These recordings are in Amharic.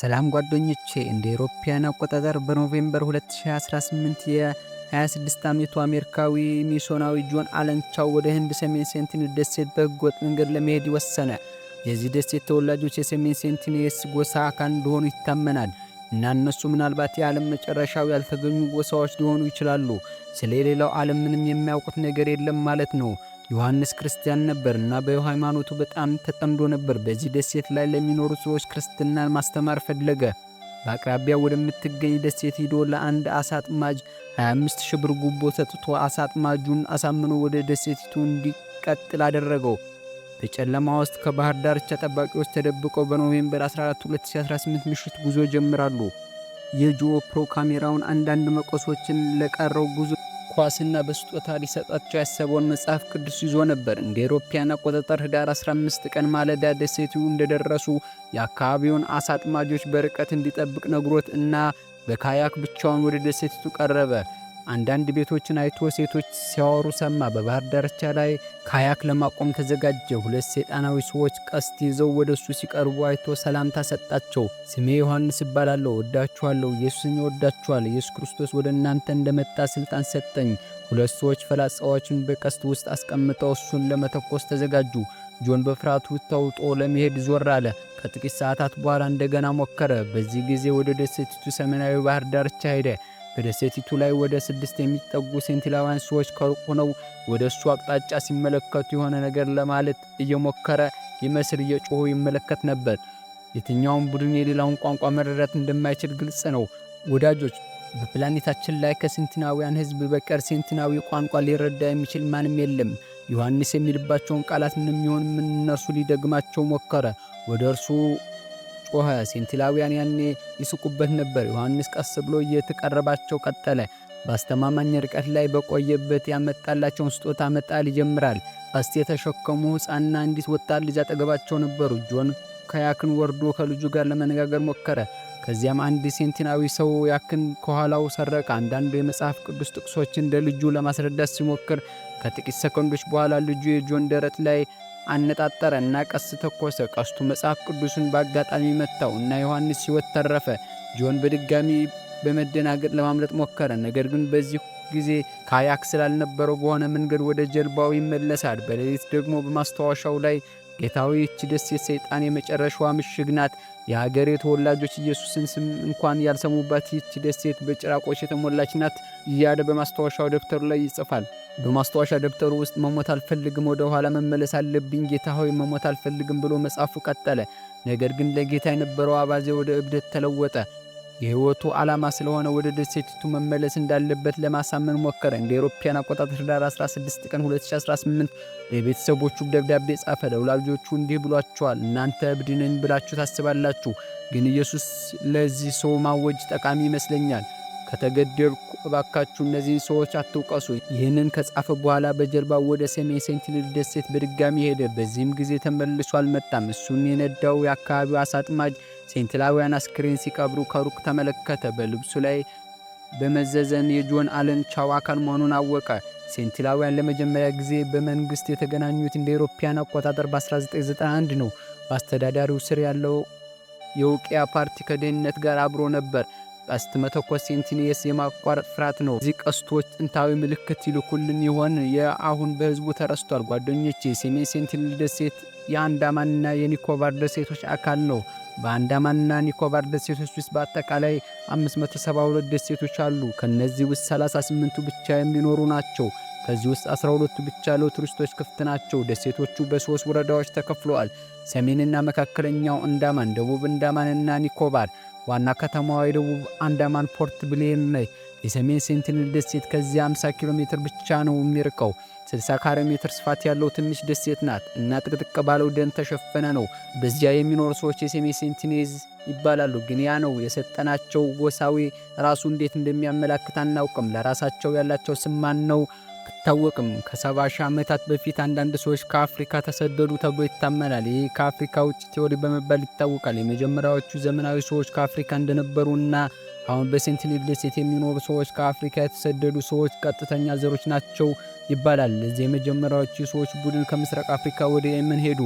ሰላም ጓደኞቼ እንደ ኤሮፓያን አቆጣጠር በኖቬምበር 2018 የ26 ዓመቱ አሜሪካዊ ሚሶናዊ ጆን አለን ቻው ወደ ህንድ ሰሜን ሴንቲኔል ደሴት በህገወጥ መንገድ ለመሄድ ወሰነ። የዚህ ደሴት ተወላጆች የሰሜን ሴንቲኔልስ ጎሳ አካል እንደሆኑ ይታመናል እና እነሱ ምናልባት የዓለም መጨረሻው ያልተገኙ ጎሳዎች ሊሆኑ ይችላሉ። ስለ ሌላው ዓለም ምንም የሚያውቁት ነገር የለም ማለት ነው። ዮሐንስ ክርስቲያን ነበርና በሃይማኖቱ በጣም ተጠምዶ ነበር። በዚህ ደሴት ላይ ለሚኖሩ ሰዎች ክርስትናን ማስተማር ፈለገ። በአቅራቢያ ወደምትገኝ ደሴት ሂዶ ለአንድ አሳ አጥማጅ 25 ሺህ ብር ጉቦ ሰጥቶ አሳ አጥማጁን አሳምኖ ወደ ደሴቲቱ እንዲቀጥል አደረገው። በጨለማ ውስጥ ከባህር ዳርቻ ጠባቂዎች ተደብቀው በኖቬምበር 14 2018 ምሽት ጉዞ ጀምራሉ። የጂኦፕሮ ካሜራውን አንዳንድ መቆሶችን ለቀረው ጉዞ ኳስና በስጦታ ሊሰጣቸው ያሰበውን መጽሐፍ ቅዱስ ይዞ ነበር። እንደ ኤሮፓያን አቆጣጠር ህዳር 15 ቀን ማለዳ ደሴቱ እንደደረሱ የአካባቢውን አሳ አጥማጆች በርቀት እንዲጠብቅ ነግሮት እና በካያክ ብቻውን ወደ ደሴቲቱ ቀረበ። አንዳንድ ቤቶችን አይቶ ሴቶች ሲያወሩ ሰማ። በባህር ዳርቻ ላይ ካያክ ለማቆም ተዘጋጀ። ሁለት ሰይጣናዊ ሰዎች ቀስት ይዘው ወደ እሱ ሲቀርቡ አይቶ ሰላምታ ሰጣቸው። ስሜ ዮሐንስ እባላለሁ፣ ወዳችኋለሁ። ኢየሱስን ይወዳችኋል። ኢየሱስ ክርስቶስ ወደ እናንተ እንደመጣ ሥልጣን ሰጠኝ። ሁለት ሰዎች ፈላጻዎችን በቀስት ውስጥ አስቀምጠው እሱን ለመተኮስ ተዘጋጁ። ጆን በፍርሃቱ ተውጦ ለመሄድ ዞር አለ። ከጥቂት ሰዓታት በኋላ እንደገና ሞከረ። በዚህ ጊዜ ወደ ደሴቲቱ ሰሜናዊ ባህር ዳርቻ ሄደ። በደሴቲቱ ላይ ወደ ስድስት የሚጠጉ ሴንቲላውያን ሰዎች ከሩቅ ሆነው ወደ እሱ አቅጣጫ ሲመለከቱ የሆነ ነገር ለማለት እየሞከረ ይመስል እየጮኹ ይመለከት ነበር። የትኛውም ቡድን የሌላውን ቋንቋ መረዳት እንደማይችል ግልጽ ነው። ወዳጆች፣ በፕላኔታችን ላይ ከሴንቲናውያን ሕዝብ በቀር ሴንቲናዊ ቋንቋ ሊረዳ የሚችል ማንም የለም። ዮሐንስ የሚልባቸውን ቃላት ምንም ይሁን ምን እነርሱ ሊደግማቸው ሞከረ። ወደ እርሱ ጮኸ። ሴንቲላውያን ያኔ ይስቁበት ነበር። ዮሐንስ ቀስ ብሎ እየተቀረባቸው ቀጠለ። በአስተማማኝ ርቀት ላይ በቆየበት ያመጣላቸውን ስጦታ መጣል ይጀምራል። ቀስት የተሸከሙ ሕፃንና አንዲት ወጣት ልጅ አጠገባቸው ነበሩ። ጆን ከያክን ወርዶ ከልጁ ጋር ለመነጋገር ሞከረ። ከዚያም አንድ ሴንቲናዊ ሰው ያክን ከኋላው ሰረቀ። አንዳንድ የመጽሐፍ ቅዱስ ጥቅሶችን ለልጁ ለማስረዳት ሲሞክር ከጥቂት ሰከንዶች በኋላ ልጁ የጆን ደረት ላይ አነጣጠረ እና ቀስ ተኮሰ። ቀስቱ መጽሐፍ ቅዱሱን በአጋጣሚ መታው እና ዮሐንስ ሕይወት ተረፈ። ጆን በድጋሚ በመደናገጥ ለማምለጥ ሞከረ፣ ነገር ግን በዚህ ጊዜ ካያክ ስላልነበረው በሆነ መንገድ ወደ ጀልባው ይመለሳል። በሌሊት ደግሞ በማስታወሻው ላይ ጌታዊ፣ ይህች ደሴት ሰይጣን የመጨረሻዋ ምሽግ ናት የሀገሬ ተወላጆች ኢየሱስን ስም እንኳን ያልሰሙባት ይቺ ደሴት በጭራቆች የተሞላች ናት እያለ በማስታወሻው ደብተሩ ላይ ይጽፋል። በማስታወሻ ደብተሩ ውስጥ መሞት አልፈልግም፣ ወደ ኋላ መመለስ አለብኝ፣ ጌታ ሆይ መሞት አልፈልግም ብሎ መጻፉ ቀጠለ። ነገር ግን ለጌታ የነበረው አባዜ ወደ እብደት ተለወጠ። የህይወቱ ዓላማ ስለሆነ ወደ ደሴቲቱ መመለስ እንዳለበት ለማሳመን ሞከረ። እንደ አውሮፓውያን አቆጣጠር ዳር 16 ቀን 2018 ለቤተሰቦቹ ደብዳቤ ጻፈ። ለወላጆቹ እንዲህ ብሏቸዋል። እናንተ እብድ ነኝ ብላችሁ ታስባላችሁ፣ ግን ኢየሱስ ለዚህ ሰው ማወጅ ጠቃሚ ይመስለኛል። ከተገደልኩ እባካችሁ እነዚህን ሰዎች አትውቀሱ። ይህንን ከጻፈ በኋላ በጀልባው ወደ ሰሜን ሴንት ደሴት በድጋሚ ሄደ። በዚህም ጊዜ ተመልሶ አልመጣም። እሱን የነዳው የአካባቢው አሳ አጥማጅ ሴንትላውያን አስክሬን ሲቀብሩ ከሩቅ ተመለከተ። በልብሱ ላይ በመዘዘን የጆን አለን ቻው አካል መሆኑን አወቀ። ሴንትላውያን ለመጀመሪያ ጊዜ በመንግሥት የተገናኙት እንደ ኤሮፓያን አቆጣጠር በ1991 ነው። በአስተዳዳሪው ስር ያለው የውቅያ ፓርቲ ከደህንነት ጋር አብሮ ነበር። ቀስት መተኮስ ሴንቲኔስ የማቋረጥ ፍርሃት ነው። እዚህ ቀስቶች ጥንታዊ ምልክት ይልኩልን ይሆን? የአሁን በህዝቡ ተረስቷል። ጓደኞቼ፣ የሰሜን ሴንቲኔል ደሴት የአንዳማንና የኒኮባር ደሴቶች አካል ነው። በአንዳማንና ኒኮባር ደሴቶች ውስጥ በአጠቃላይ 572 ደሴቶች አሉ። ከነዚህ ውስጥ 38ቱ ብቻ የሚኖሩ ናቸው። ከዚህ ውስጥ 12ቱ ብቻ ለቱሪስቶች ክፍት ናቸው። ደሴቶቹ በሦስት ወረዳዎች ተከፍለዋል። ሰሜንና መካከለኛው እንዳማን ደቡብ እንዳማንና ኒኮባር። ዋና ከተማዋ የደቡብ አንዳማን ፖርት ብሌን ነች። የሰሜን ሴንቲኔል ደሴት ከዚ 50 ኪሎ ሜትር ብቻ ነው የሚርቀው። 60 ካሬ ሜትር ስፋት ያለው ትንሽ ደሴት ናት እና ጥቅጥቅ ባለው ደን ተሸፈነ ነው። በዚያ የሚኖሩ ሰዎች የሰሜን ሴንቲኔዝ ይባላሉ። ግን ያ ነው የሰጠናቸው ጎሳዊ ራሱ እንዴት እንደሚያመላክት አናውቅም። ለራሳቸው ያላቸው ስም ማን ነው አይታወቅም። ከሰባ ሺህ ዓመታት በፊት አንዳንድ ሰዎች ከአፍሪካ ተሰደዱ ተብሎ ይታመናል። ይህ ከአፍሪካ ውጭ ቴዎሪ በመባል ይታወቃል። የመጀመሪያዎቹ ዘመናዊ ሰዎች ከአፍሪካ እንደነበሩና አሁን በሴንት ደሴት የሚኖሩ ሰዎች ከአፍሪካ የተሰደዱ ሰዎች ቀጥተኛ ዘሮች ናቸው ይባላል። እዚህ የመጀመሪያዎቹ ሰዎች ቡድን ከምስራቅ አፍሪካ ወደ የመን ሄዱ።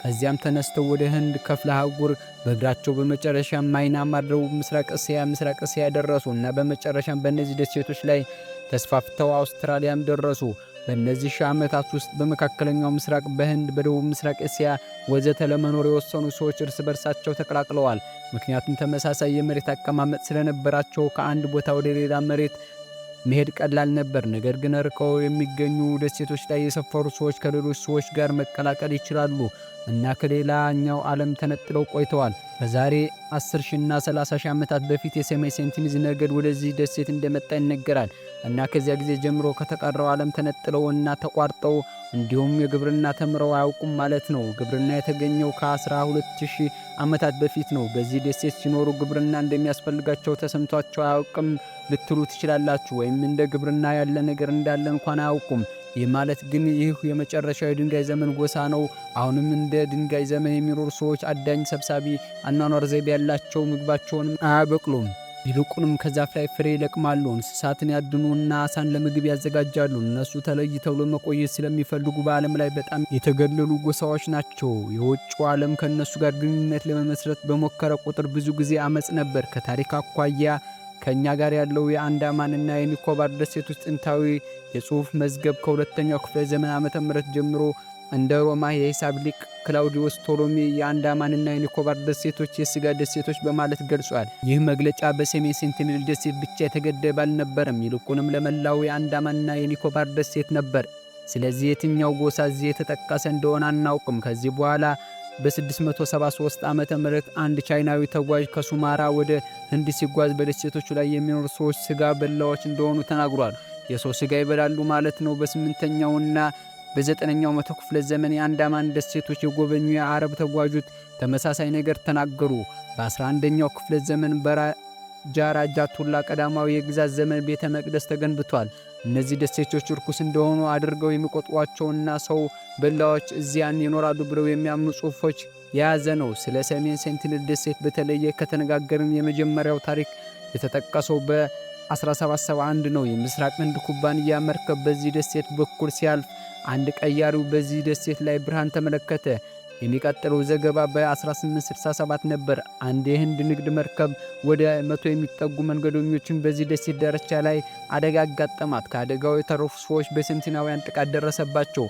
ከዚያም ተነስተው ወደ ህንድ ከፍለ አህጉር በእግራቸው በመጨረሻ ማይናማር፣ ደቡብ ምስራቅ እስያ፣ ምስራቅ እስያ ደረሱ እና በመጨረሻም በእነዚህ ደሴቶች ላይ ተስፋፍተው አውስትራሊያም ደረሱ። በእነዚህ ሺህ ዓመታት ውስጥ በመካከለኛው ምስራቅ፣ በህንድ፣ በደቡብ ምስራቅ እስያ ወዘተ ለመኖር የወሰኑ ሰዎች እርስ በርሳቸው ተቀላቅለዋል። ምክንያቱም ተመሳሳይ የመሬት አቀማመጥ ስለነበራቸው ከአንድ ቦታ ወደ ሌላ መሬት መሄድ ቀላል ነበር። ነገር ግን ርቀው የሚገኙ ደሴቶች ላይ የሰፈሩ ሰዎች ከሌሎች ሰዎች ጋር መቀላቀል ይችላሉ እና ከሌላኛው ዓለም ተነጥለው ቆይተዋል። በዛሬ 10 ሺና 30 ሺህ ዓመታት በፊት የሰማይ ሴንቲኒዝ ነገድ ወደዚህ ደሴት እንደመጣ ይነገራል እና ከዚያ ጊዜ ጀምሮ ከተቀረው ዓለም ተነጥለው እና ተቋርጠው እንዲሁም የግብርና ተምረው አያውቁም ማለት ነው። ግብርና የተገኘው ከ12000 ዓመታት በፊት ነው። በዚህ ደሴት ሲኖሩ ግብርና እንደሚያስፈልጋቸው ተሰምቷቸው አያውቅም ልትሉ ትችላላችሁ። ወይም እንደ ግብርና ያለ ነገር እንዳለ እንኳን አያውቁም። ይህ ማለት ግን ይህ የመጨረሻው የድንጋይ ዘመን ጎሳ ነው። አሁንም እንደ ድንጋይ ዘመን የሚኖሩ ሰዎች አዳኝ ሰብሳቢ አኗኗር ዘይቤ ያላቸው ምግባቸውንም አያበቅሉም። ይልቁንም ከዛፍ ላይ ፍሬ ይለቅማሉ። እንስሳትን ያድኑና አሳን ለምግብ ያዘጋጃሉ። እነሱ ተለይ ተብሎ መቆየት ስለሚፈልጉ በዓለም ላይ በጣም የተገለሉ ጎሳዎች ናቸው። የውጭው ዓለም ከእነሱ ጋር ግንኙነት ለመመስረት በሞከረ ቁጥር ብዙ ጊዜ አመፅ ነበር። ከታሪክ አኳያ ከእኛ ጋር ያለው የአንዳማንና የኒኮባር ደሴቶች ጥንታዊ የጽሑፍ መዝገብ ከሁለተኛው ክፍለ ዘመን ዓመተ ምህረት ጀምሮ እንደ ሮማ የሂሳብ ሊቅ ክላውዲዮስ ቶሎሚ የአንዳማንና የኒኮባር ደሴቶች የሥጋ ደሴቶች በማለት ገልጿል። ይህ መግለጫ በሰሜን ሴንቲኔል ደሴት ብቻ የተገደበ አልነበረም፣ ይልቁንም ለመላው የአንዳማንና የኒኮባር ደሴት ነበር። ስለዚህ የትኛው ጎሳ እዚህ የተጠቀሰ እንደሆነ አናውቅም። ከዚህ በኋላ በ673 ዓ ም አንድ ቻይናዊ ተጓዥ ከሱማራ ወደ ህንድ ሲጓዝ በደሴቶቹ ላይ የሚኖሩ ሰዎች ስጋ በላዎች እንደሆኑ ተናግሯል። የሰው ስጋ ይበላሉ ማለት ነው። በስምንተኛውና በዘጠነኛው መቶ ክፍለ ዘመን የአንዳማን ደሴቶች የጎበኙ የአረብ ተጓዦች ተመሳሳይ ነገር ተናገሩ። በ11ኛው ክፍለ ዘመን በራጃ ቱላ ቀዳማዊ የግዛት ዘመን ቤተ መቅደስ ተገንብቷል። እነዚህ ደሴቶች ርኩስ እንደሆኑ አድርገው የሚቆጥሯቸውና ሰው በላዎች እዚያን ይኖራሉ ብለው የሚያምኑ ጽሑፎች የያዘ ነው። ስለ ሰሜን ሴንቲኔል ደሴት በተለየ ከተነጋገርን የመጀመሪያው ታሪክ የተጠቀሰው በ1771 ነው። የምስራቅ ህንድ ኩባንያ መርከብ በዚህ ደሴት በኩል ሲያልፍ አንድ ቀያሪው በዚህ ደሴት ላይ ብርሃን ተመለከተ። የሚቀጥለው ዘገባ በ1867 ነበር። አንድ የህንድ ንግድ መርከብ ወደ መቶ የሚጠጉ መንገደኞችን በዚህ ደሴት ዳርቻ ላይ አደጋ አጋጠማት። ከአደጋው የተረፉ ሰዎች በሴንቲናውያን ጥቃት ደረሰባቸው።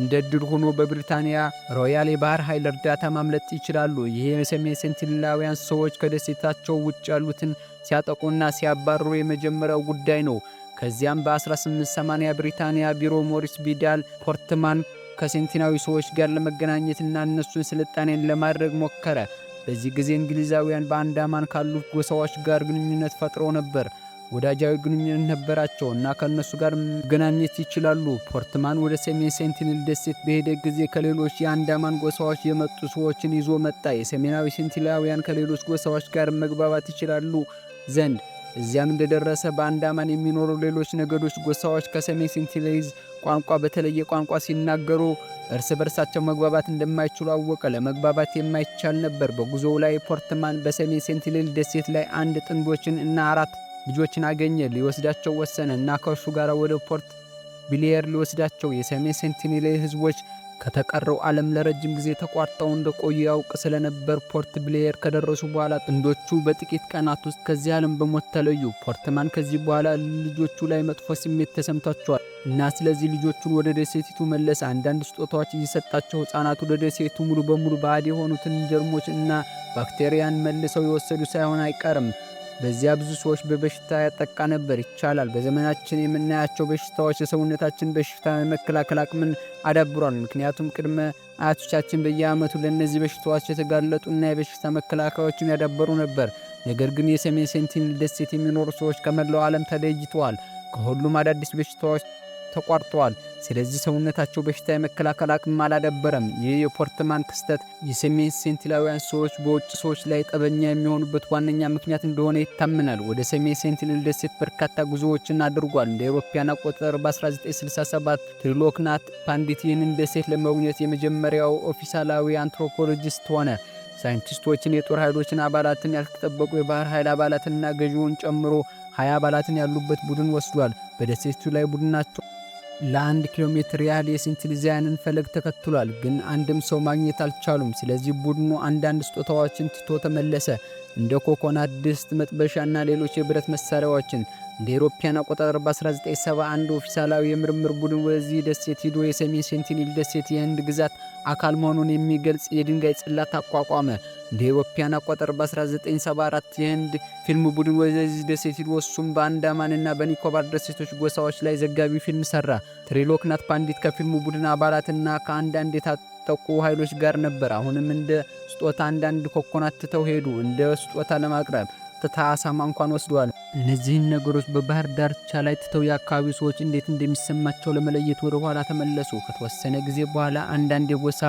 እንደ ድል ሆኖ በብሪታንያ ሮያል የባህር ኃይል እርዳታ ማምለጥ ይችላሉ። ይህ የሰሜን ሴንቲናውያን ሰዎች ከደሴታቸው ውጭ ያሉትን ሲያጠቁና ሲያባርሩ የመጀመሪያው ጉዳይ ነው። ከዚያም በ1880 ብሪታንያ ቢሮ ሞሪስ ቢዳል ፖርትማን ከሴንቲናዊ ሰዎች ጋር ለመገናኘትና እነሱን ስልጣኔን ለማድረግ ሞከረ። በዚህ ጊዜ እንግሊዛውያን በአንዳማን ካሉት ጎሳዎች ጋር ግንኙነት ፈጥሮ ነበር። ወዳጃዊ ግንኙነት ነበራቸው እና ከእነሱ ጋር መገናኘት ይችላሉ። ፖርትማን ወደ ሰሜን ሴንቲኔል ደሴት በሄደ ጊዜ ከሌሎች የአንዳማን ጎሳዎች የመጡ ሰዎችን ይዞ መጣ። የሰሜናዊ ሴንቲላውያን ከሌሎች ጎሳዎች ጋር መግባባት ይችላሉ ዘንድ እዚያም እንደደረሰ በአንዳማን የሚኖሩ ሌሎች ነገዶች፣ ጎሳዎች ከሰሜን ሲንቲሌዝ ቋንቋ በተለየ ቋንቋ ሲናገሩ እርስ በርሳቸው መግባባት እንደማይችሉ አወቀ። ለመግባባት የማይቻል ነበር። በጉዞው ላይ ፖርትማን በሰሜን ሴንቲኔል ደሴት ላይ አንድ ጥንዶችን እና አራት ልጆችን አገኘ። ሊወስዳቸው ወሰነ እና ከእርሱ ጋር ወደ ፖርት ቢሊየር ሊወስዳቸው የሰሜን ሴንቲኔል ህዝቦች ከተቀረው ዓለም ለረጅም ጊዜ ተቋርጠው እንደቆዩ ያውቅ ስለነበር ፖርት ብሌየር ከደረሱ በኋላ ጥንዶቹ በጥቂት ቀናት ውስጥ ከዚህ ዓለም በሞት ተለዩ። ፖርትማን ከዚህ በኋላ ልጆቹ ላይ መጥፎ ስሜት ተሰምቷቸዋል እና ስለዚህ ልጆቹን ወደ ደሴቲቱ መለሰ። አንዳንድ ስጦታዎች እየሰጣቸው ሕፃናት ወደ ደሴቱ ሙሉ በሙሉ ባዕድ የሆኑትን ጀርሞች እና ባክቴሪያን መልሰው የወሰዱ ሳይሆን አይቀርም። በዚያ ብዙ ሰዎች በበሽታ ያጠቃ ነበር። ይቻላል በዘመናችን የምናያቸው በሽታዎች የሰውነታችን በሽታ መከላከል አቅምን አዳብሯል። ምክንያቱም ቅድመ አያቶቻችን በየዓመቱ ለእነዚህ በሽታዎች የተጋለጡና የበሽታ መከላከያዎችን ያዳበሩ ነበር። ነገር ግን የሰሜን ሴንቲኔል ደሴት የሚኖሩ ሰዎች ከመላው ዓለም ተለይተዋል። ከሁሉም አዳዲስ በሽታዎች ተቋርጠዋል። ስለዚህ ሰውነታቸው በሽታ የመከላከል አቅም አላዳበረም። ይህ የፖርትማን ክስተት የሰሜን ሴንቲላውያን ሰዎች በውጭ ሰዎች ላይ ጠበኛ የሚሆኑበት ዋነኛ ምክንያት እንደሆነ ይታመናል። ወደ ሰሜን ሴንቲኔል ደሴት በርካታ ጉዞዎችን አድርጓል። እንደ አውሮፓውያን አቆጣጠር በ1967 ትሪሎክናት ፓንዲት ይህንን ደሴት ለመጉኘት የመጀመሪያው ኦፊሳላዊ አንትሮፖሎጂስት ሆነ። ሳይንቲስቶችን፣ የጦር ኃይሎችን አባላትን፣ ያልተጠበቁ የባህር ኃይል አባላትንና ገዢውን ጨምሮ ሀያ አባላትን ያሉበት ቡድን ወስዷል። በደሴቱ ላይ ቡድናቸው ለአንድ ኪሎ ሜትር ያህል የሴንትሊዚያንን ፈለግ ተከትሏል፣ ግን አንድም ሰው ማግኘት አልቻሉም። ስለዚህ ቡድኑ አንዳንድ ስጦታዎችን ትቶ ተመለሰ፣ እንደ ኮኮናት ድስት፣ መጥበሻና ሌሎች የብረት መሳሪያዎችን። እንደ አውሮፓውያን አቆጣጠር በ1971 ኦፊሳላዊ የምርምር ቡድን ወደዚህ ደሴት ሂዶ የሰሜን ሴንቲኒል ደሴት የህንድ ግዛት አካል መሆኑን የሚገልጽ የድንጋይ ጽላት አቋቋመ። እንደ ኢሮፓያን በ1974 የህንድ ፊልም ቡድን ወደዚህ ደሴት ሂዶ እሱም በአንዳማንና በኒኮባር ደሴቶች ጎሳዎች ላይ ዘጋቢ ፊልም ሰራ። ትሪሎክናት ፓንዲት ከፊልሙ ቡድን አባላትና ከአንዳንድ የታጠቁ ኃይሎች ጋር ነበር። አሁንም እንደ ስጦታ አንዳንድ ኮኮናት ትተው ሄዱ። እንደ ስጦታ ለማቅረብ ቀጥታ አሳማ እንኳን ወስደዋል። እነዚህን ነገሮች በባህር ዳርቻ ላይ ትተው የአካባቢው ሰዎች እንዴት እንደሚሰማቸው ለመለየት ወደ ኋላ ተመለሱ። ከተወሰነ ጊዜ በኋላ አንዳንድ የጎሳ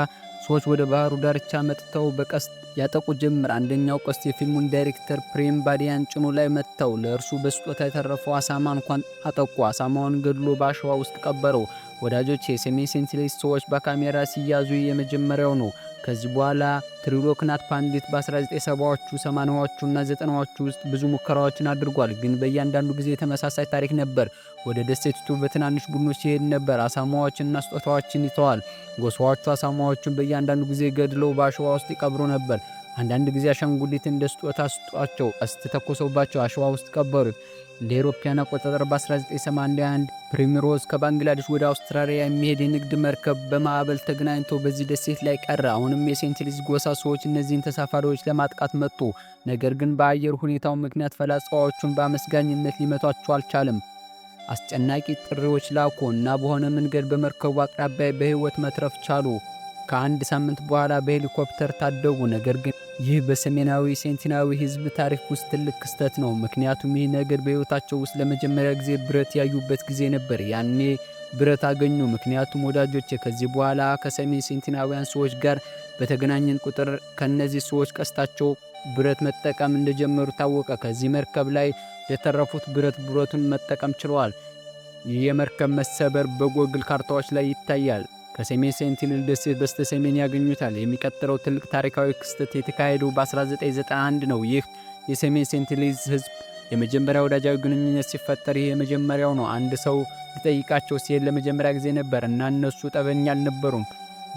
ሰዎች ወደ ባህሩ ዳርቻ መጥተው በቀስት ያጠቁ ጀምር አንደኛው ቀስት የፊልሙን ዳይሬክተር ፕሬም ባዲያን ጭኑ ላይ መጥተው ለእርሱ በስጦታ የተረፈው አሳማ እንኳን አጠቁ። አሳማውን ገድሎ በአሸዋ ውስጥ ቀበረው። ወዳጆች፣ የሰሜን ሴንትሌስ ሰዎች በካሜራ ሲያዙ የመጀመሪያው ነው። ከዚህ በኋላ ትሪሎክናት ፓንዲት በ1970ዎቹ 80 እና 90ዎቹ ውስጥ ብዙ ሙከራዎችን አድርጓል፣ ግን በእያንዳንዱ ጊዜ ተመሳሳይ ታሪክ ነበር። ወደ ደሴቲቱ በትናንሽ ቡድኖች ሲሄድ ነበር፣ አሳማዎችንና ስጦታዎችን ይተዋል። ጎሳዎቹ አሳማዎቹን በእያንዳንዱ ጊዜ ገድለው በአሸዋ ውስጥ ይቀብሩ ነበር። አንዳንድ ጊዜ አሻንጉሊትን እንደ ስጦታ ስጧቸው። አስተተኮሰባቸው፣ አሸዋ ውስጥ ቀበሩ። እንደ አውሮፓውያን አቆጣጠር በ1981 ፕሪምሮዝ ከባንግላዴሽ ወደ አውስትራሊያ የሚሄድ የንግድ መርከብ በማዕበል ተገናኝቶ በዚህ ደሴት ላይ ቀረ። አሁንም የሴንትሊዝ ጎሳ ሰዎች እነዚህን ተሳፋሪዎች ለማጥቃት መጡ። ነገር ግን በአየር ሁኔታው ምክንያት ፈላጻዎቹን በአመስጋኝነት ሊመቷቸው አልቻለም። አስጨናቂ ጥሪዎች ላኩ እና በሆነ መንገድ በመርከቡ አቅራቢያ በሕይወት መትረፍ ቻሉ። ከአንድ ሳምንት በኋላ በሄሊኮፕተር ታደጉ። ነገር ግን ይህ በሰሜናዊ ሴንቲናዊ ህዝብ ታሪክ ውስጥ ትልቅ ክስተት ነው። ምክንያቱም ይህ ነገር በሕይወታቸው ውስጥ ለመጀመሪያ ጊዜ ብረት ያዩበት ጊዜ ነበር። ያኔ ብረት አገኙ። ምክንያቱም ወዳጆቼ፣ ከዚህ በኋላ ከሰሜን ሴንቲናውያን ሰዎች ጋር በተገናኘን ቁጥር ከእነዚህ ሰዎች ቀስታቸው ብረት መጠቀም እንደጀመሩ ታወቀ። ከዚህ መርከብ ላይ የተረፉት ብረት ብረቱን መጠቀም ችለዋል። ይህ የመርከብ መሰበር በጎግል ካርታዎች ላይ ይታያል። ከሰሜን ሴንቲኔል ደሴት በስተ ሰሜን ያገኙታል። የሚቀጥለው ትልቅ ታሪካዊ ክስተት የተካሄደው በ1991 ነው። ይህ የሰሜን ሴንቲኔል ህዝብ የመጀመሪያ ወዳጃዊ ግንኙነት ሲፈጠር ይህ የመጀመሪያው ነው። አንድ ሰው ሊጠይቃቸው ሲሄድ ለመጀመሪያ ጊዜ ነበር እና እነሱ ጠበኛ አልነበሩም።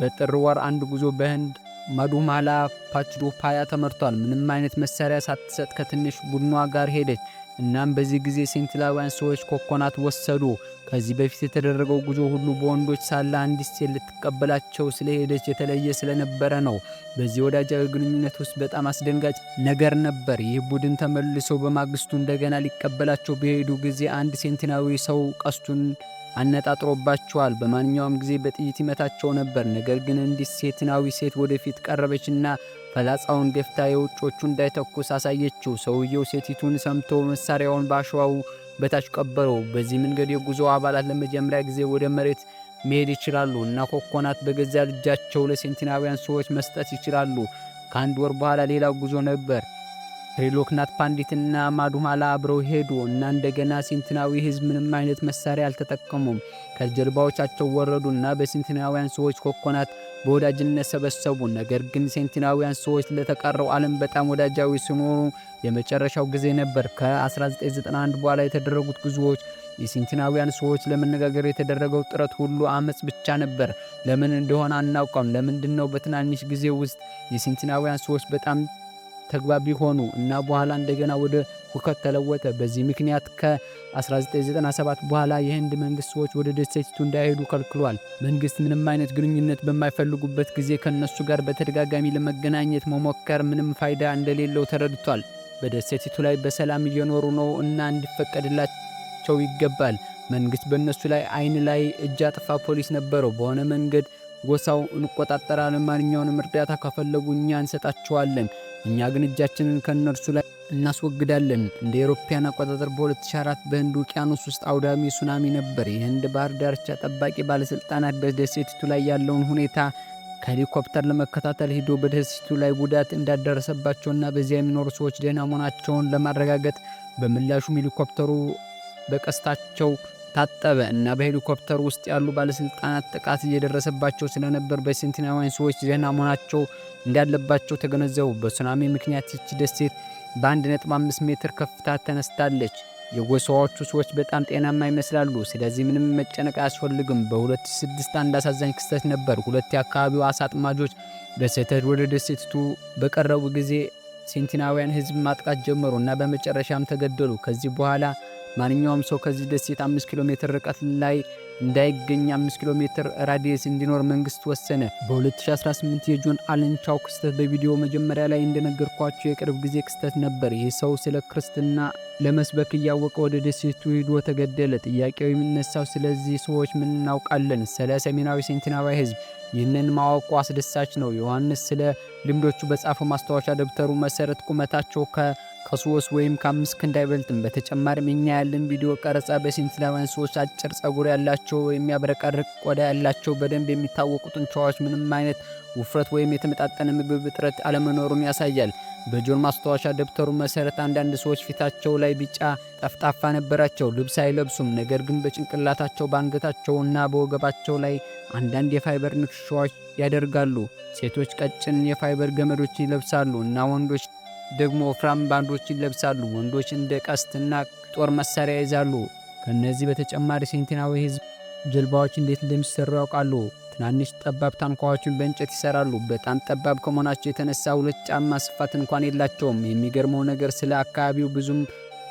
በጥር ወር አንድ ጉዞ በህንድ ማዱማላ ፓችዶፓያ ተመርቷል። ምንም አይነት መሳሪያ ሳትሰጥ ከትንሽ ቡድኗ ጋር ሄደች። እናም በዚህ ጊዜ ሴንትላውያን ሰዎች ኮኮናት ወሰዱ። ከዚህ በፊት የተደረገው ጉዞ ሁሉ በወንዶች ሳለ አንዲት ሴት ልትቀበላቸው ስለሄደች የተለየ ስለነበረ ነው። በዚህ ወዳጃዊ ግንኙነት ውስጥ በጣም አስደንጋጭ ነገር ነበር። ይህ ቡድን ተመልሶ በማግስቱ እንደገና ሊቀበላቸው በሄዱ ጊዜ አንድ ሴንትናዊ ሰው ቀስቱን አነጣጥሮባቸዋል። በማንኛውም ጊዜ በጥይት ይመታቸው ነበር። ነገር ግን አንዲት ሴትናዊ ሴት ወደፊት ቀረበችና ፈላጻውን ደፍታ የውጮቹ እንዳይተኩስ አሳየችው። ሰውየው ሴቲቱን ሰምቶ መሳሪያውን በአሸዋው በታች ቀበረው። በዚህ መንገድ የጉዞ አባላት ለመጀመሪያ ጊዜ ወደ መሬት መሄድ ይችላሉ እና ኮኮናት በገዛ ልጃቸው ለሴንቲናውያን ሰዎች መስጠት ይችላሉ። ከአንድ ወር በኋላ ሌላ ጉዞ ነበር። ትሪሎክናት ፓንዲትና ማዱማላ አብረው ሄዱ እና እንደገና ሲንትናዊ ህዝብ ምንም አይነት መሳሪያ አልተጠቀሙም። ከጀልባዎቻቸው ወረዱና በሲንትናውያን ሰዎች ኮኮናት በወዳጅነት ሰበሰቡ። ነገር ግን ሴንቲናውያን ሰዎች ለተቀረው ዓለም በጣም ወዳጃዊ ሲኖሩ የመጨረሻው ጊዜ ነበር። ከ1991 በኋላ የተደረጉት ጉዞዎች የሴንቲናውያን ሰዎች ለመነጋገር የተደረገው ጥረት ሁሉ አመፅ ብቻ ነበር። ለምን እንደሆነ አናውቀም። ለምንድን ነው በትናንሽ ጊዜ ውስጥ የሴንቲናውያን ሰዎች በጣም ተግባቢ ሆኑ እና በኋላ እንደገና ወደ ሁከት ተለወጠ። በዚህ ምክንያት ከ1997 በኋላ የህንድ መንግስት ሰዎች ወደ ደሴቲቱ እንዳይሄዱ ከልክሏል። መንግስት ምንም አይነት ግንኙነት በማይፈልጉበት ጊዜ ከእነሱ ጋር በተደጋጋሚ ለመገናኘት መሞከር ምንም ፋይዳ እንደሌለው ተረድቷል። በደሴቲቱ ላይ በሰላም እየኖሩ ነው እና እንዲፈቀድላቸው ይገባል። መንግስት በእነሱ ላይ አይን ላይ እጅ አጥፋ ፖሊስ ነበረው። በሆነ መንገድ ጎሳው እንቆጣጠራለን፣ ማንኛውንም እርዳታ ከፈለጉ እኛ እንሰጣቸዋለን እኛ ግን እጃችንን ከእነርሱ ላይ እናስወግዳለን። እንደ ኤሮፓያን አቆጣጠር በ2004 በህንድ ውቅያኖስ ውስጥ አውዳሚ ሱናሚ ነበር። የህንድ ባህር ዳርቻ ጠባቂ ባለሥልጣናት በደሴቲቱ ላይ ያለውን ሁኔታ ከሄሊኮፕተር ለመከታተል ሂዶ በደሴቲቱ ላይ ጉዳት እንዳደረሰባቸውና በዚያ የሚኖሩ ሰዎች ደህና መሆናቸውን ለማረጋገጥ በምላሹም ሄሊኮፕተሩ በቀስታቸው ታጠበ እና በሄሊኮፕተር ውስጥ ያሉ ባለሥልጣናት ጥቃት እየደረሰባቸው ስለነበር በሴንቲናውያን ሰዎች ደህና መሆናቸው እንዳለባቸው ተገነዘቡ። በሱናሚ ምክንያት ይቺ ደሴት በ1.5 ሜትር ከፍታ ተነስታለች። የጎሳዎቹ ሰዎች በጣም ጤናማ ይመስላሉ፣ ስለዚህ ምንም መጨነቅ አያስፈልግም። በ2006 አንድ አሳዛኝ ክስተት ነበር። ሁለት የአካባቢው አሳ አጥማጆች በስህተት ወደ ደሴቲቱ በቀረቡ ጊዜ ሴንቲናውያን ሕዝብ ማጥቃት ጀመሩ እና በመጨረሻም ተገደሉ። ከዚህ በኋላ ማንኛውም ሰው ከዚህ ደሴት አምስት ኪሎ ሜትር ርቀት ላይ እንዳይገኝ አምስት ኪሎ ሜትር ራዲየስ እንዲኖር መንግስት ወሰነ። በ2018 የጆን አለን ቻው ክስተት በቪዲዮ መጀመሪያ ላይ እንደነገርኳቸው የቅርብ ጊዜ ክስተት ነበር። ይህ ሰው ስለ ክርስትና ለመስበክ እያወቀ ወደ ደሴቱ ሂዶ ተገደለ። ጥያቄው የሚነሳው ስለዚህ ሰዎች ምን እናውቃለን? ስለ ሰሜናዊ ሴንቲናዊ ህዝብ ይህንን ማወቁ አስደሳች ነው። ዮሐንስ ስለ ልምዶቹ በጻፈው ማስታወሻ ደብተሩ መሰረት ቁመታቸው ከሶስት ወይም ከአምስት ክንድ አይበልጥም። በተጨማሪም እኛ ያለን ቪዲዮ ቀረጻ በሴንቲላውያን ሰዎች አጭር ጸጉር ያላቸው የሚያብረቀርቅ ቆዳ ያላቸው በደንብ የሚታወቁ ጡንቻዎች ምንም አይነት ውፍረት ወይም የተመጣጠነ ምግብ እጥረት አለመኖሩን ያሳያል። በጆን ማስታወሻ ደብተሩ መሠረት አንዳንድ ሰዎች ፊታቸው ላይ ቢጫ ጠፍጣፋ ነበራቸው። ልብስ አይለብሱም፣ ነገር ግን በጭንቅላታቸው በአንገታቸውና በወገባቸው ላይ አንዳንድ የፋይበር ንክሻዎች ያደርጋሉ። ሴቶች ቀጭን የፋይበር ገመዶች ይለብሳሉ እና ወንዶች ደግሞ ወፍራም ባንዶች ይለብሳሉ። ወንዶች እንደ ቀስትና ጦር መሳሪያ ይዛሉ። ከእነዚህ በተጨማሪ ሴንቲናዊ ሕዝብ ጀልባዎች እንዴት እንደሚሠሩ ያውቃሉ። ትናንሽ ጠባብ ታንኳዎችን በእንጨት ይሰራሉ። በጣም ጠባብ ከመሆናቸው የተነሳ ሁለት ጫማ ስፋት እንኳን የላቸውም። የሚገርመው ነገር ስለ አካባቢው ብዙም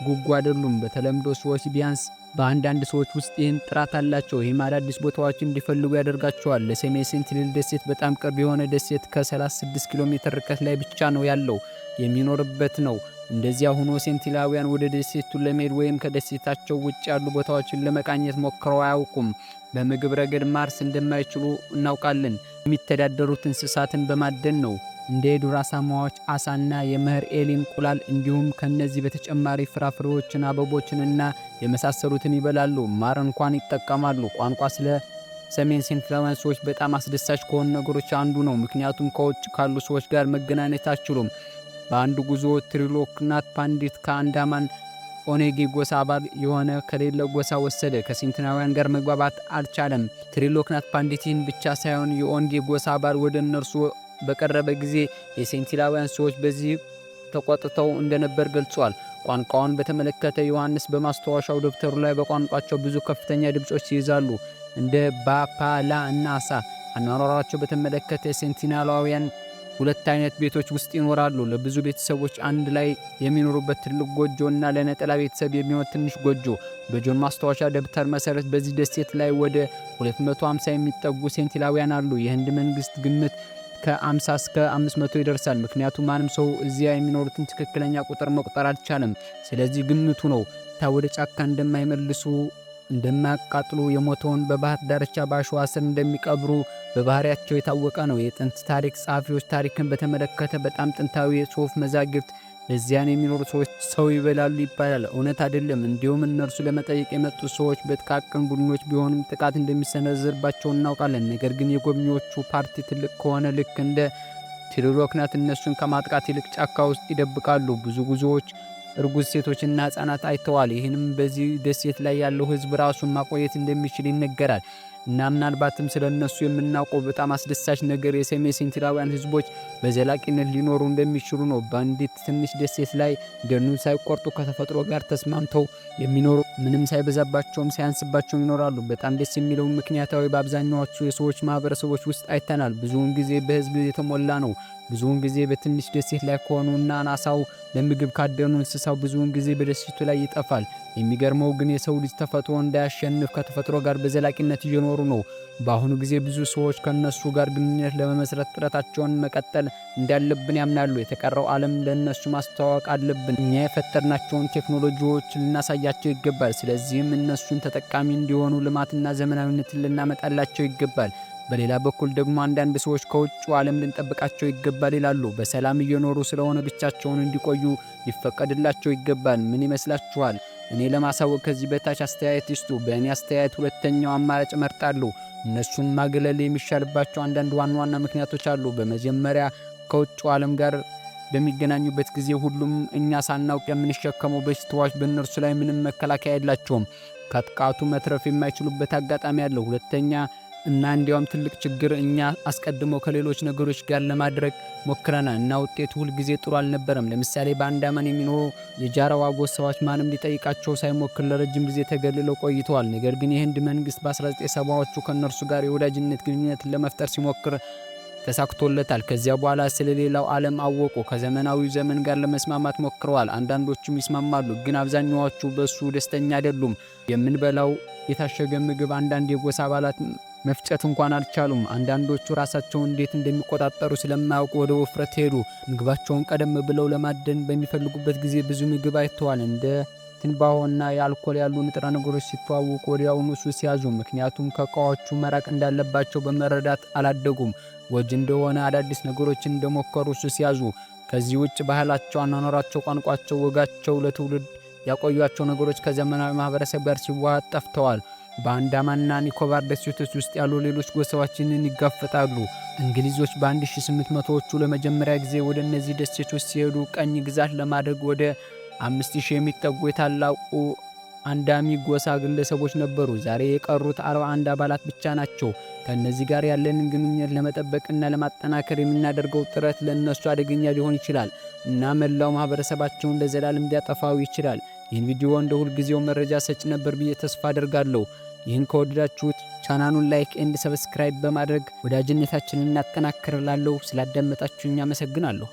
ጉጉ አይደሉም። በተለምዶ ሰዎች ቢያንስ በአንዳንድ ሰዎች ውስጥ ይህን ጥራት አላቸው። ይህም አዳዲስ ቦታዎችን እንዲፈልጉ ያደርጋቸዋል። ለሰሜን ሴንት ደሴት በጣም ቅርብ የሆነ ደሴት ከ36 ኪሎ ሜትር ርቀት ላይ ብቻ ነው ያለው የሚኖርበት ነው። እንደዚያ ሆኖ ሴንቲላውያን ወደ ደሴቱ ለመሄድ ወይም ከደሴታቸው ውጭ ያሉ ቦታዎችን ለመቃኘት ሞክረው አያውቁም። በምግብ ረገድ ማርስ እንደማይችሉ እናውቃለን። የሚተዳደሩት እንስሳትን በማደን ነው። እንደ የዱር አሳማዎች አሳና የመህር ኤሊ እንቁላል እንዲሁም ከነዚህ በተጨማሪ ፍራፍሬዎችን፣ አበቦችንና የመሳሰሉትን ይበላሉ። ማር እንኳን ይጠቀማሉ። ቋንቋ ስለ ሰሜን ሴንትላውያን ሰዎች በጣም አስደሳች ከሆኑ ነገሮች አንዱ ነው። ምክንያቱም ከውጭ ካሉ ሰዎች ጋር መገናኘት አችሉም። በአንድ ጉዞ ትሪሎክናት ፓንዲት ከአንዳማን ኦኔጌ ጎሳ አባል የሆነ ከሌለ ጎሳ ወሰደ። ከሴንቲናውያን ጋር መግባባት አልቻለም። ትሪሎክናት ፓንዲቲን ብቻ ሳይሆን የኦንጌ ጎሳ አባል ወደ እነርሱ በቀረበ ጊዜ የሴንቲላውያን ሰዎች በዚህ ተቆጥተው እንደነበር ገልጿል። ቋንቋውን በተመለከተ ዮሐንስ በማስታወሻው ደብተሩ ላይ በቋንቋቸው ብዙ ከፍተኛ ድምፆች ይይዛሉ፣ እንደ ባፓላ እና አሳ። አኗኗራቸው በተመለከተ ሴንቲናላውያን ሁለት አይነት ቤቶች ውስጥ ይኖራሉ። ለብዙ ቤተሰቦች አንድ ላይ የሚኖሩበት ትልቅ ጎጆ እና ለነጠላ ቤተሰብ የሚሆን ትንሽ ጎጆ። በጆን ማስታወሻ ደብተር መሰረት በዚህ ደሴት ላይ ወደ 250 የሚጠጉ ሴንቲላውያን አሉ። የህንድ መንግስት ግምት ከ50 እስከ 500 ይደርሳል። ምክንያቱም ማንም ሰው እዚያ የሚኖሩትን ትክክለኛ ቁጥር መቁጠር አልቻለም። ስለዚህ ግምቱ ነው። ወደ ጫካ እንደማይመልሱ እንደማያቃጥሉ የሞተውን በባህር ዳርቻ በአሸዋ ስር እንደሚቀብሩ በባህሪያቸው የታወቀ ነው። የጥንት ታሪክ ጸሐፊዎች ታሪክን በተመለከተ በጣም ጥንታዊ የጽሑፍ መዛግብት በዚያን የሚኖሩ ሰዎች ሰው ይበላሉ ይባላል። እውነት አይደለም። እንዲሁም እነርሱ ለመጠየቅ የመጡ ሰዎች በጥቃቅን ቡድኖች ቢሆንም ጥቃት እንደሚሰነዝርባቸው እናውቃለን። ነገር ግን የጎብኚዎቹ ፓርቲ ትልቅ ከሆነ ልክ እንደ ቴሌሎክናት እነሱን ከማጥቃት ይልቅ ጫካ ውስጥ ይደብቃሉ። ብዙ ጉዞዎች እርጉዝ ሴቶችና ህጻናት አይተዋል። ይህንም በዚህ ደሴት ላይ ያለው ህዝብ ራሱን ማቆየት እንደሚችል ይነገራል እና ምናልባትም ስለ እነሱ የምናውቀው በጣም አስደሳች ነገር የሰሜን ሴንትራውያን ህዝቦች በዘላቂነት ሊኖሩ እንደሚችሉ ነው። በአንዲት ትንሽ ደሴት ላይ ደኑን ሳይቆርጡ ከተፈጥሮ ጋር ተስማምተው የሚኖሩ ምንም ሳይበዛባቸውም ሳያንስባቸው ይኖራሉ። በጣም ደስ የሚለውን ምክንያታዊ በአብዛኛዎቹ የሰዎች ማህበረሰቦች ውስጥ አይተናል። ብዙውን ጊዜ በህዝብ የተሞላ ነው። ብዙውን ጊዜ በትንሽ ደሴት ላይ ከሆኑና አናሳው ለምግብ ካደኑ እንስሳው ብዙውን ጊዜ በደሴቱ ላይ ይጠፋል። የሚገርመው ግን የሰው ልጅ ተፈጥሮ እንዳያሸንፍ ከተፈጥሮ ጋር በዘላቂነት እየኖሩ ነው። በአሁኑ ጊዜ ብዙ ሰዎች ከእነሱ ጋር ግንኙነት ለመመስረት ጥረታቸውን መቀጠል እንዳለብን ያምናሉ። የተቀረው ዓለም ለእነሱ ማስተዋወቅ አለብን። እኛ የፈጠርናቸውን ቴክኖሎጂዎች ልናሳያቸው ይገባል። ስለዚህም እነሱን ተጠቃሚ እንዲሆኑ ልማትና ዘመናዊነትን ልናመጣላቸው ይገባል። በሌላ በኩል ደግሞ አንዳንድ ሰዎች ከውጭ ዓለም ልንጠብቃቸው ይገባል ይላሉ። በሰላም እየኖሩ ስለሆነ ብቻቸውን እንዲቆዩ ሊፈቀድላቸው ይገባል። ምን ይመስላችኋል? እኔ ለማሳወቅ ከዚህ በታች አስተያየት ይስጡ። በእኔ አስተያየት ሁለተኛው አማራጭ እመርጣለሁ። እነሱን ማግለል የሚሻልባቸው አንዳንድ ዋና ዋና ምክንያቶች አሉ። በመጀመሪያ ከውጭ ዓለም ጋር በሚገናኙበት ጊዜ ሁሉም እኛ ሳናውቅ የምንሸከመው በሽታዎች በእነርሱ ላይ ምንም መከላከያ የላቸውም። ከጥቃቱ መትረፍ የማይችሉበት አጋጣሚ አለው። ሁለተኛ እና እንዲያውም ትልቅ ችግር እኛ አስቀድሞ ከሌሎች ነገሮች ጋር ለማድረግ ሞክረናል እና ውጤቱ ሁልጊዜ ጥሩ አልነበረም። ለምሳሌ በአንዳማን የሚኖሩ የጃራዋ ጎሳዎች ማንም ሊጠይቃቸው ሳይሞክር ለረጅም ጊዜ ተገልለው ቆይተዋል። ነገር ግን የህንድ መንግስት በ1970ዎቹ ከእነርሱ ጋር የወዳጅነት ግንኙነትን ለመፍጠር ሲሞክር ተሳክቶለታል። ከዚያ በኋላ ስለ ሌላው ዓለም አወቁ። ከዘመናዊ ዘመን ጋር ለመስማማት ሞክረዋል። አንዳንዶቹም ይስማማሉ፣ ግን አብዛኛዎቹ በእሱ ደስተኛ አይደሉም። የምንበላው የታሸገ ምግብ አንዳንድ የጎሳ አባላት መፍጨት እንኳን አልቻሉም። አንዳንዶቹ ራሳቸውን እንዴት እንደሚቆጣጠሩ ስለማያውቁ ወደ ውፍረት ሄዱ። ምግባቸውን ቀደም ብለው ለማደን በሚፈልጉበት ጊዜ ብዙ ምግብ አይተዋል። እንደ ትንባሆና የአልኮል ያሉ ንጥረ ነገሮች ሲተዋወቁ ወዲያውኑ ሱስ ያዙ። ምክንያቱም ከእቃዎቹ መራቅ እንዳለባቸው በመረዳት አላደጉም። ጎጂ እንደሆነ አዳዲስ ነገሮችን እንደሞከሩ ሱስ ያዙ። ከዚህ ውጭ ባህላቸው፣ አኗኗራቸው፣ ቋንቋቸው፣ ወጋቸው ለትውልድ ያቆዩቸው ነገሮች ከዘመናዊ ማህበረሰብ ጋር ሲዋሃድ ጠፍተዋል። በአንዳማና ኒኮባር ደሴቶች ውስጥ ያሉ ሌሎች ጎሳዎችንን ይጋፈጣሉ። እንግሊዞች በ1800ዎቹ ለመጀመሪያ ጊዜ ወደ እነዚህ ደሴቶች ሲሄዱ ቀኝ ግዛት ለማድረግ ወደ 5000 የሚጠጉ የታላቁ አንዳሚ ጎሳ ግለሰቦች ነበሩ። ዛሬ የቀሩት 41 አባላት ብቻ ናቸው። ከእነዚህ ጋር ያለንን ግንኙነት ለመጠበቅና ለማጠናከር የምናደርገው ጥረት ለእነሱ አደገኛ ሊሆን ይችላል እና መላው ማኅበረሰባቸውን ለዘላለም ሊያጠፋው ይችላል። ይህን ቪዲዮ እንደ ሁልጊዜው መረጃ ሰጭ ነበር ብዬ ተስፋ አደርጋለሁ። ይህን ከወደዳችሁት ቻናሉን ላይክ ኤንድ ሰብስክራይብ በማድረግ ወዳጅነታችንን እናጠናክርላለሁ። ስላዳመጣችሁኝ አመሰግናለሁ።